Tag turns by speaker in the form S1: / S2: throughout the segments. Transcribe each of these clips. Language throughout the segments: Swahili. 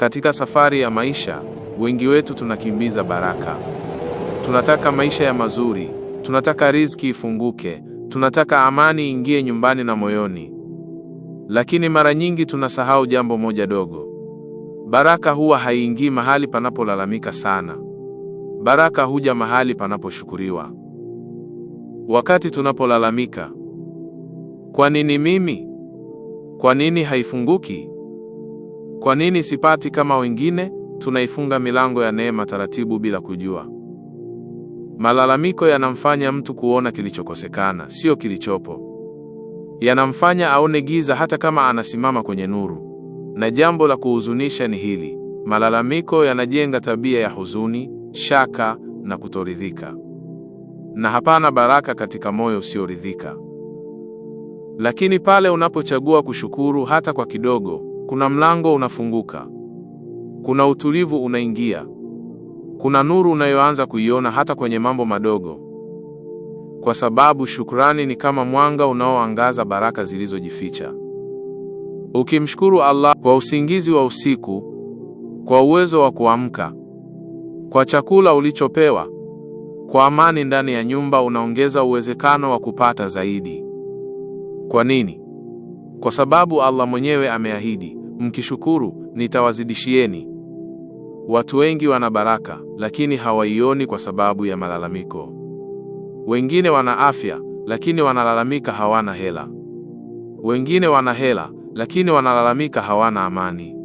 S1: Katika safari ya maisha, wengi wetu tunakimbiza baraka. Tunataka maisha ya mazuri, tunataka riziki ifunguke, tunataka amani ingie nyumbani na moyoni. Lakini mara nyingi tunasahau jambo moja dogo. Baraka huwa haiingii mahali panapolalamika sana. Baraka huja mahali panaposhukuriwa. Wakati tunapolalamika, kwa nini mimi? Kwa nini haifunguki? Kwa nini sipati kama wengine? Tunaifunga milango ya neema taratibu bila kujua. Malalamiko yanamfanya mtu kuona kilichokosekana, sio kilichopo. Yanamfanya aone giza hata kama anasimama kwenye nuru. Na jambo la kuhuzunisha ni hili, malalamiko yanajenga tabia ya huzuni, shaka na kutoridhika, na hapana baraka katika moyo usioridhika. Lakini pale unapochagua kushukuru hata kwa kidogo kuna mlango unafunguka, kuna utulivu unaingia, kuna nuru unayoanza kuiona hata kwenye mambo madogo, kwa sababu shukrani ni kama mwanga unaoangaza baraka zilizojificha. Ukimshukuru Allah kwa usingizi wa usiku, kwa uwezo wa kuamka, kwa chakula ulichopewa, kwa amani ndani ya nyumba, unaongeza uwezekano wa kupata zaidi. Kwa nini? Kwa sababu Allah mwenyewe ameahidi mkishukuru nitawazidishieni. Watu wengi wana baraka, lakini hawaioni kwa sababu ya malalamiko. Wengine wana afya, lakini wanalalamika hawana hela. Wengine wana hela, lakini wanalalamika hawana amani.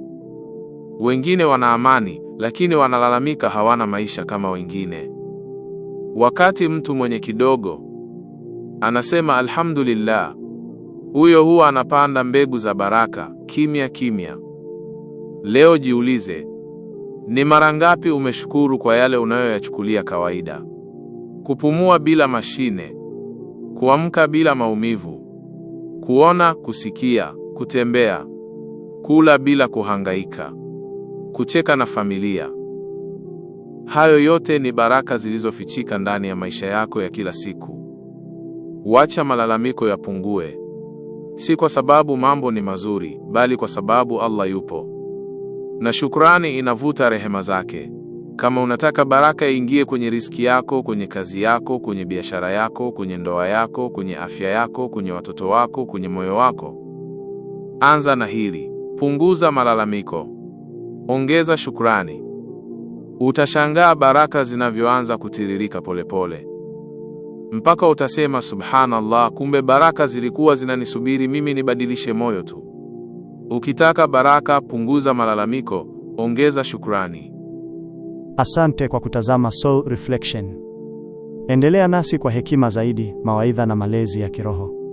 S1: Wengine wana amani, lakini wanalalamika hawana maisha kama wengine. Wakati mtu mwenye kidogo anasema alhamdulillah huyo huwa anapanda mbegu za baraka kimya kimya. Leo jiulize, ni mara ngapi umeshukuru kwa yale unayoyachukulia kawaida? Kupumua bila mashine, kuamka bila maumivu, kuona, kusikia, kutembea, kula bila kuhangaika, kucheka na familia. Hayo yote ni baraka zilizofichika ndani ya maisha yako ya kila siku. Wacha malalamiko yapungue si kwa sababu mambo ni mazuri, bali kwa sababu Allah yupo na shukrani inavuta rehema zake. Kama unataka baraka iingie kwenye riziki yako, kwenye kazi yako, kwenye biashara yako, kwenye ndoa yako, kwenye afya yako, kwenye watoto wako, kwenye moyo wako, anza na hili: punguza malalamiko, ongeza shukrani. Utashangaa baraka zinavyoanza kutiririka polepole pole mpaka utasema subhanallah, kumbe baraka zilikuwa zinanisubiri mimi nibadilishe moyo tu. Ukitaka baraka, punguza malalamiko, ongeza shukrani.
S2: Asante kwa kutazama Soul Reflection. Endelea nasi kwa hekima zaidi, mawaidha na malezi ya kiroho.